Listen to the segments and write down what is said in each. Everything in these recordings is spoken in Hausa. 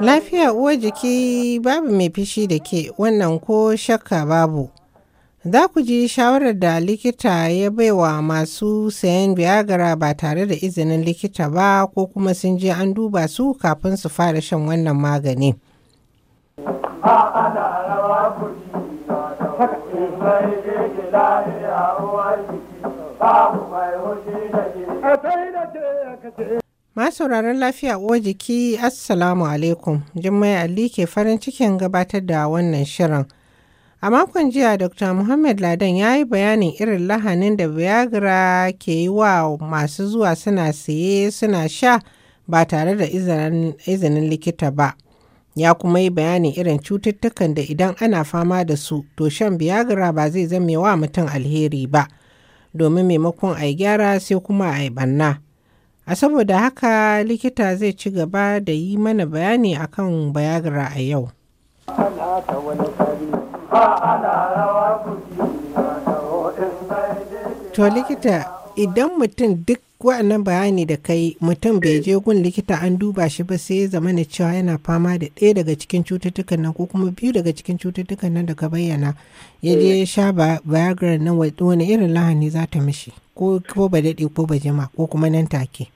Lafiya uwa jiki babu mai fishi da ke wannan ko shakka babu. Za ku ji shawarar da likita ya baiwa masu sayan biyagara ba tare da izinin likita ba ko kuma sun je an duba su kafin su fara shan wannan magani. sauraron lafiya uwa jiki assalamu alaikum jummai ali ke farin cikin gabatar da wannan shirin a makon jiya dr muhammad ladan ya yi bayanin irin lahanin da viagra ke yi wa masu zuwa suna siye suna sha ba tare da izinin likita ba ya kuma yi bayanin irin cututtukan da idan ana fama da su to shan viagra ba zai zame wa mutum alheri ba. domin maimakon a gyara sai kuma a banna. A saboda haka likita zai ci gaba da yi mana bayani akan bayagra a yau. To likita idan mutum duk wa'annan bayani da kai mutum bai je gun likita an duba shi ba sai ya zama na cewa yana fama da ɗaya daga cikin cututtukan nan ko kuma biyu daga cikin cututtukan nan da ka bayyana ya je ya sha viagra nan wani irin lahani za ta mishi ko ko ba daɗe ko ba jima ko kuma nan take.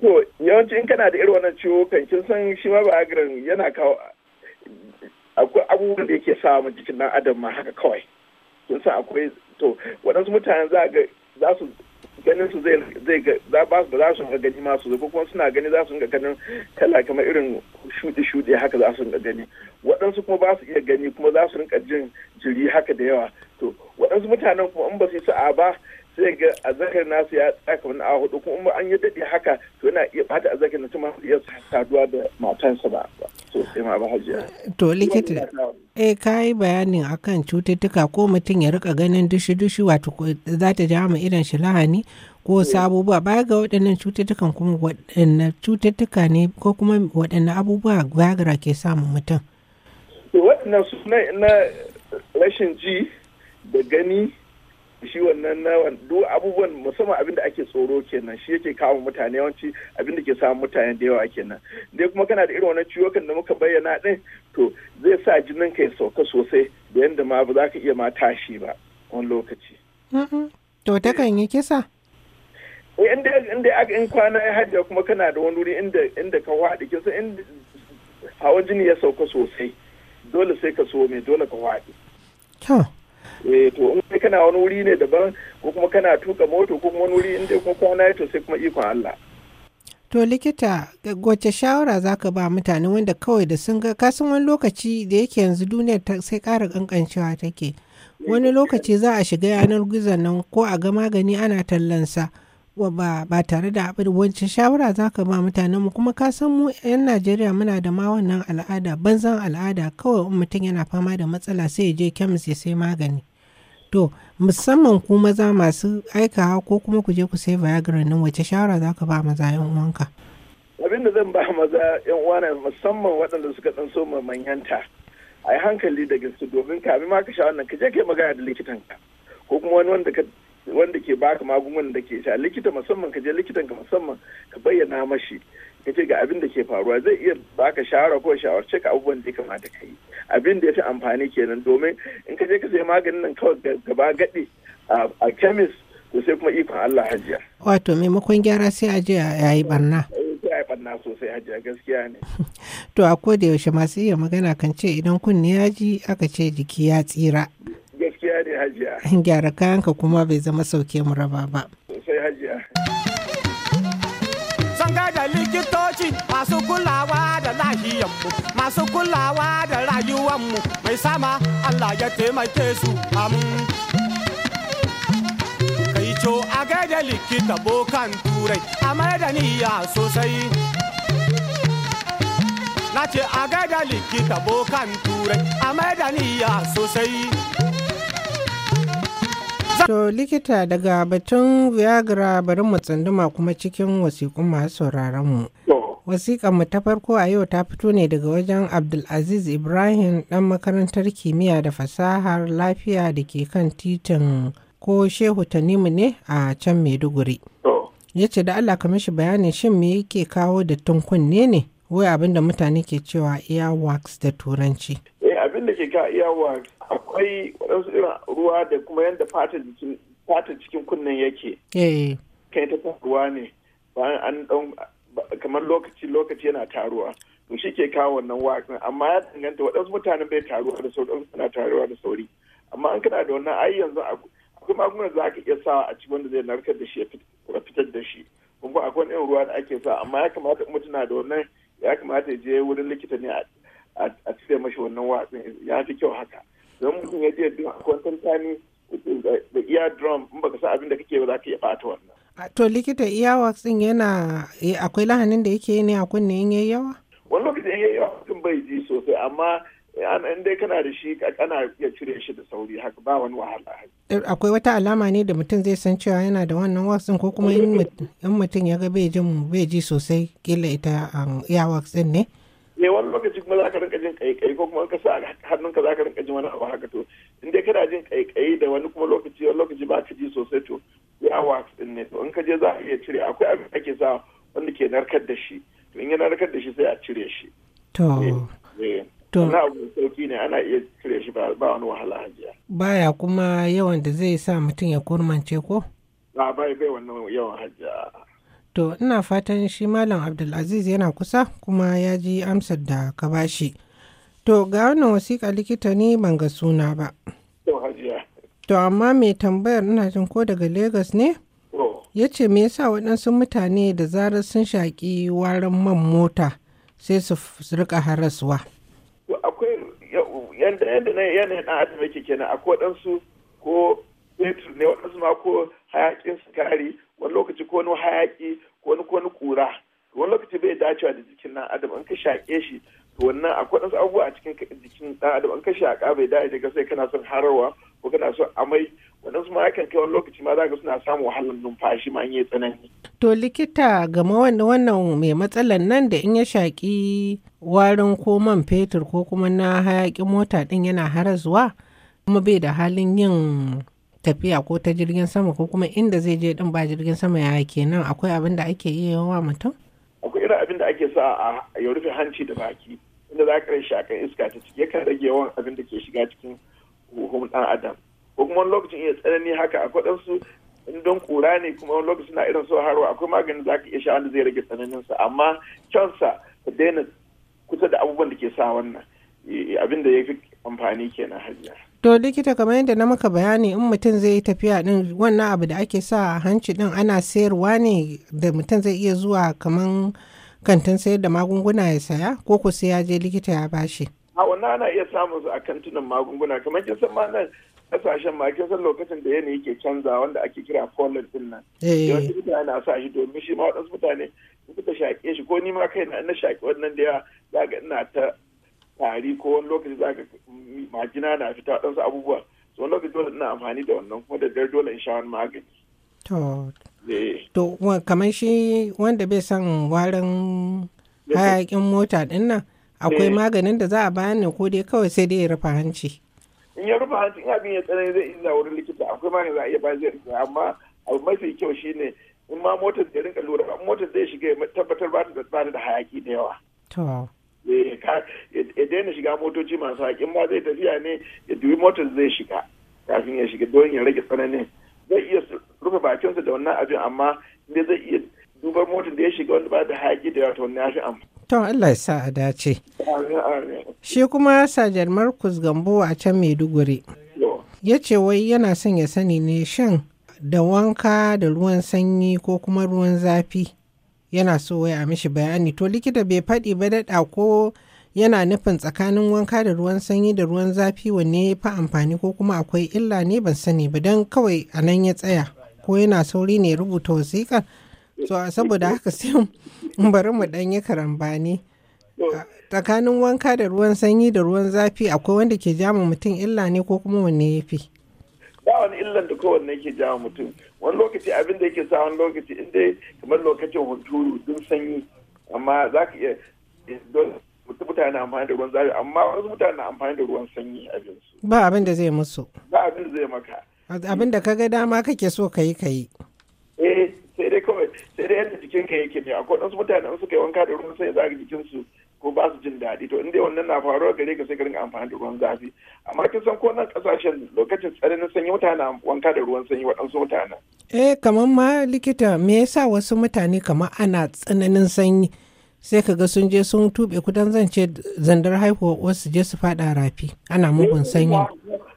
ko yawanci in kana da irin wannan ciwo kan kin san shi ma viagra yana kawo akwai abubuwan da yake sa mu jikin ɗan adam ma haka kawai kin san akwai to waɗansu mutane za ga za su ganin su zai za ba su za su ga gani masu zai kuma suna gani za su ga ganin kala kamar irin shudi shudi haka za su ga gani waɗansu kuma ba su iya gani kuma za su rinka jin jiri haka da yawa to waɗansu mutanen kuma in ba su yi sa'a ba sai ga azzakar nasu ya tsaka wani awa hudu kuma an yi daɗe haka to yana iya bata azzakar na tuma iya saduwa da matansa ba sosai ma ba hajiya. To likita eh ka yi bayanin akan cututtuka ko mutum ya rika ganin dushi-dushi wato za ta ja mu irin shi lahani ko sabubuwa eh. baya ga waɗannan cututtukan kuma waɗannan cututtuka ne ko kuma waɗannan abubuwa gwagara ke samun mutum. Waɗannan su na rashin ji da gani shi wannan na duk abubuwan musamman abin da ake tsoro kenan shi yake kawo mutane yawanci abin da ke samun mutane da yawa kenan dai kuma kana da irin wannan ciwokan da muka bayyana din to zai sa jinin ka ya sauka sosai da yanda ma ba za ka iya ma tashi ba wani lokaci. To ta kan yi kisa? Eh, inda inda in kwana ya hajja kuma kana da wani wuri inda inda ka waɗi kisa inda hawan jini ya sauka sosai dole sai ka so mai dole ka waɗi. eh to in kai kana wani wuri ne daban ko kuma kana tuka moto ko kuma wani wuri inda kuma kwana to sai kuma ikon Allah To likita wace shawara zaka ba mutane wanda kawai da sun ga kasan wani lokaci da yake yanzu duniyar sai ƙara ƙanƙancewa take wani lokaci za a shiga yanar gizon nan ko a ga magani ana tallansa. sa wa ba ba tare da abin wancan shawara za ka ba mutanen mu kuma ka san mu 'yan najeriya muna da ma wannan al'ada banzan al'ada kawai in mutum yana fama da matsala sai ya je kemis ya sai magani to musamman ku maza masu aikawa ko kuma ku je ku sai viagra nan wace shawara za ka ba maza 'yan uwanka abin da zan ba maza 'yan uwana musamman waɗanda suka ɗan so manyanta a yi hankali da gaske domin kafin ma ka sha wannan ka je ka yi magana da likitanka ko kuma wani wanda ka wanda ke baka magungunan da ke sha likita musamman ka je likitan ka musamman ka bayyana mashi ka ce ga abin da ke faruwa zai iya baka shawara ko shawarce ka abubuwan da ya kamata ka yi abin da ya fi amfani kenan domin in ka je ka sai maganin nan kawai gaba gaɗe a kemis to sai kuma ikon Allah hajiya. Wato maimakon gyara sai a je a yi barna. Eh, a barna sosai hajiya gaskiya ne. To a koda yaushe masu iya magana kan ce idan kunne ya ji aka ce jiki ya tsira. hajiya. Gyara kayanka kuma bai zama sauke mu raba ba. Sosai hajiya. da likitoci masu kulawa da lahiyanmu, masu kulawa da rayuwanmu mai sama Allah ya taimake su amin. Kai co a gaida likita bokan turai, a mai da sosai. na ce a gaida likita bokan turai a maida sosai To likita daga batun Viagra bari mu tsunduma kuma cikin wasiƙun masu sauraron mu. Wasiƙan mu ta farko a yau ta fito ne daga wajen Abdulaziz Ibrahim ɗan makarantar kimiyya da fasahar lafiya da ke kan titin ko Shehu Tanimu ne a can Maiduguri. Ya ce da Allah ka mishi bayanin shin me yake kawo da tun kunne ne? Wai abin da mutane ke cewa earwax da turanci. da ke ka wa akwai wadansu irin ruwa da kuma yadda fata cikin kunnen yake eh. kan ta ruwa ne bayan an dan kamar lokaci lokaci yana taruwa to shi ke kawo wannan waƙa amma ya danganta waɗansu mutanen bai taruwa da sauri wadansu suna taruwa da sauri amma an kana da wannan ai yanzu akwai magungunan za ka iya sawa a ci wanda zai narkar da shi ya fitar da shi kuma akwai wani ruwa da ake sa amma ya kamata in mutum na da wannan ya kamata ya je wurin likita ne a a cire mashi wannan watsin ya fi kyau haka don mutum ya je kwantar tani da iya drum in baka sa abin da kake ba za ka iya bata wannan. to likita iya watsin yana eh, akwai lahanin da yake ne a kunne in yayi yawa. wani lokacin in yayi yawa mutum bai ji sosai amma in dai kana da shi ana iya cire shi da sauri haka ba wani wahala eh, akwai wata alama ne da mutum zai san cewa yana da wannan watsin ko kuma in eh. mutum ya ga bai ji sosai kila ita iya um, watsin ne ne wani kuma za ka rinka jin kaikayi ko kuma ka sa hannunka za ka rinka jin wani abu haka to in dai kana jin kaikayi da wani kuma lokaci wani lokaci ba ka ji sosai to ya wax din ne to in ka je za a iya cire akwai abin ake sa wanda ke narkar da shi to in ya narkar da shi sai a cire shi to eh, eh. to na abu sauki ne ana iya cire shi ba wani wahala hajiya baya kuma yawan da zai sa mutum ya kurmance ko ba bai bai wannan yawan hajiya To ina fatan shi Malam Abdulaziz yana kusa kuma ya ji amsar da ka bashi. To ga wannan wasiƙa likita ne ban ga suna ba. To amma mai tambayar ina jin ko daga Legas ne? Ya ce me yasa waɗansu mutane da zarar sun shaƙi warin man mota sai su rika harasuwa. Akwai yadda adam yake kenan akwai waɗansu ko ne waɗansu ma ko hayaƙin sukari wani lokaci ko wani hayaki ko wani ko wani kura wani lokaci bai dacewa da jikin nan adam an ka shaƙe shi to wannan akwai wasu abubuwa a cikin jikin dan adam an ka shaƙa bai dace daga sai kana son harawa ko kana son amai wannan su ma kai wani lokaci ma zaka suna samun wahalar numfashi ma an yi tsanani. to likita game wannan mai matsalar nan da in ya shaƙi warin ko man fetur ko kuma na hayaƙin mota ɗin yana harazuwa kuma bai da halin yin tafiya ko ta jirgin sama ko kuma inda zai je din ba jirgin sama ya kenan akwai abin da ake yi wa mutum akwai irin abin da ake sa a ya rufe hanci da baki inda za ka kan iska ta ciki yakan rage yawan abin da ke shiga cikin huhun dan adam ko kuma wani lokacin iya tsanani haka akwai su in don kura ne kuma wani lokacin na irin so harwa akwai maganin za ka iya sha wanda zai rage sa amma kyansa ka daina kusa da abubuwan da ke sa wannan eh, abin da ya fi amfani kenan hajiya. To likita kamar yadda na maka bayani in mutum zai yi tafiya din wannan abu da ake sa a hanci din ana sayarwa ne da mutum zai iya zuwa kamar kantin sayar da magunguna ya saya ko ku sai ya je likita ya bashi. A wannan ana iya samun su a kantunan magunguna kamar kin san ma nan kasashen ma kin san lokacin da yanayi ke canza wanda ake kira pollen din nan. Eh. Yawanci mutane sa shi domin shi ma waɗansu mutane suka shaƙe shi ko ni ma kai na shaƙe wannan da ya ga ina ta tari ko wani lokaci za ka majina na fita ɗansu abubuwa so wani lokaci dole ina amfani da wannan kuma da dare dole in sha wani magani. To, eh. to kamar shi wanda bai san warin hayakin mota ɗin nan akwai eh. maganin da za a bayan ne ko dai kawai sai dai ya rufe hanci. In ya rufa hanci in abin ya tsanani zai iya wurin likita akwai maganin za a iya bayan zai amma abu mafi kyau shi ne in ma motar zai rinka lura motar zai shiga ya tabbatar ba ta da hayaki da yawa. ya daina shiga motoci masu haƙin ba zai tafiya ne ya dubi motar zai shiga kafin ya shiga don ya rage tsananin zai iya rufe bakinsa da wannan abin amma ne zai iya dubar motar da ya shiga wanda ba da haƙi da wato wannan ya To Allah ya sa a dace. Shi kuma Sajar Markus Gambo a can Maiduguri. Ya ce wai yana son ya sani ne shan da wanka da ruwan sanyi ko kuma ruwan zafi yana so wai a mishi bayani to likita bai faɗi ba daɗa ko yana nufin tsakanin wanka da ruwan sanyi da ruwan zafi wanne ya fi amfani ko kuma akwai illa ne ban sani ba don kawai a nan ya tsaya ko yana sauri ne rubuta wasiƙar so saboda haka sai bari mu ɗan yi karambani tsakanin wanka da ruwan sanyi da ruwan zafi akwai wanda ke jama mutum illa ne ko kuma wanne ya fi ba wani illan da kowanne ke jama mutum wani lokaci abin da yake sa wani lokaci inda kamar lokacin hunturu dun sanyi amma za ka iya don mutane amfani da ruwan zafi amma wasu mutane amfani da ruwan sanyi jinsu ba abin da zai musu ba abin da zai maka abin da ka ga dama kake so ka yi ka yi eh sai dai kawai sai dai yadda jikinka yake ne akwai wasu mutane in suka yi wanka da ruwan sanyi za ka jikinsu ko ba su jin daɗi to inda wannan na faruwa gare ka sai ka dinga amfani da ruwan zafi amma kin san ko nan kasashen lokacin tsananin sanyi mutane wanka da ruwan sanyi waɗansu mutane. eh kamar ma likita me yasa wasu mutane kamar ana tsananin sanyi sai ka ga sun je sun tuɓe kudan ce zandar haihuwa wasu je su faɗa rafi ana mugun eh, sanyi.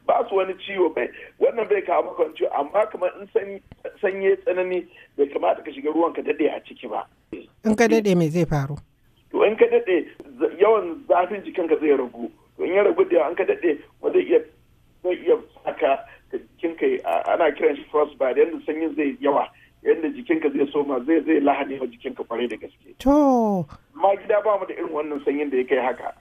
ba su wani ciwo bai wannan bai kawo maka wani ciwo amma kamar in sanye tsanani bai kamata ka shiga ruwan ka daɗe a ciki ba. in ka daɗe me zai faru. ka daɗe yawan zafin jikinka zai ragu in ya ragu da an ka daɗe wanda zai iya zai iya saka jikinka ana kiran shi da yadda sanyin zai yawa yadda jikinka zai soma zai zai lahani wa jikinka kwarai da gaske. To. Ma gida ba mu da irin wannan sanyin da ya kai haka.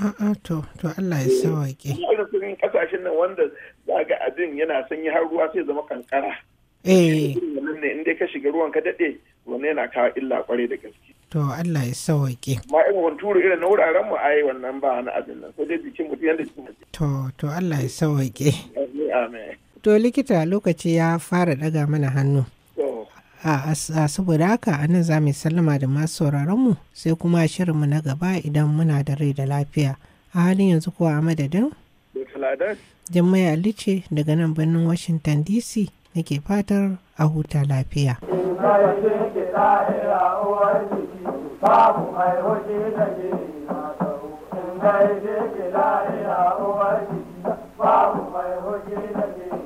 A'a to to Allah ya sawaƙe. Ina sanyin kasashen nan wanda za ga abin yana sanyi har ruwa sai zama kankara. Eh. Wannan ne in dai ka shiga ruwan ka daɗe wannan yana kawo illa kwarai da gaske. To Allah ya sawaƙe. Ma in hunturu irin na wuraren mu ai wannan ba wani abin nan. Ko dai jikin mutum yadda jikin To to Allah ya sawaƙe. Amin. To likita lokaci ya fara daga mana hannu. A saboda haka a nan za mu sallama da masu sauraronmu sai kuma shirinmu na gaba idan muna da rai da lafiya. A halin yanzu kuwa a madadin? Jummai Ali ce daga nan birnin Washington DC nake fatar a huta lafiya. babu mai hoshi da ke jiki mai ke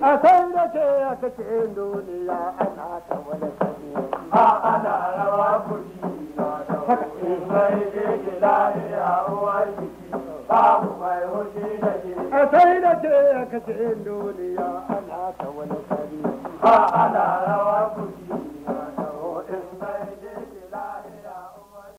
a san da ke a kake duniya ana ta wani sani Ba ana rawa kuɗi mata in dai je ki lahira uwar jiki babu mai hoshi da ke a san da ke a kake duniya ana ta wani sani Ba ana rawa kuɗi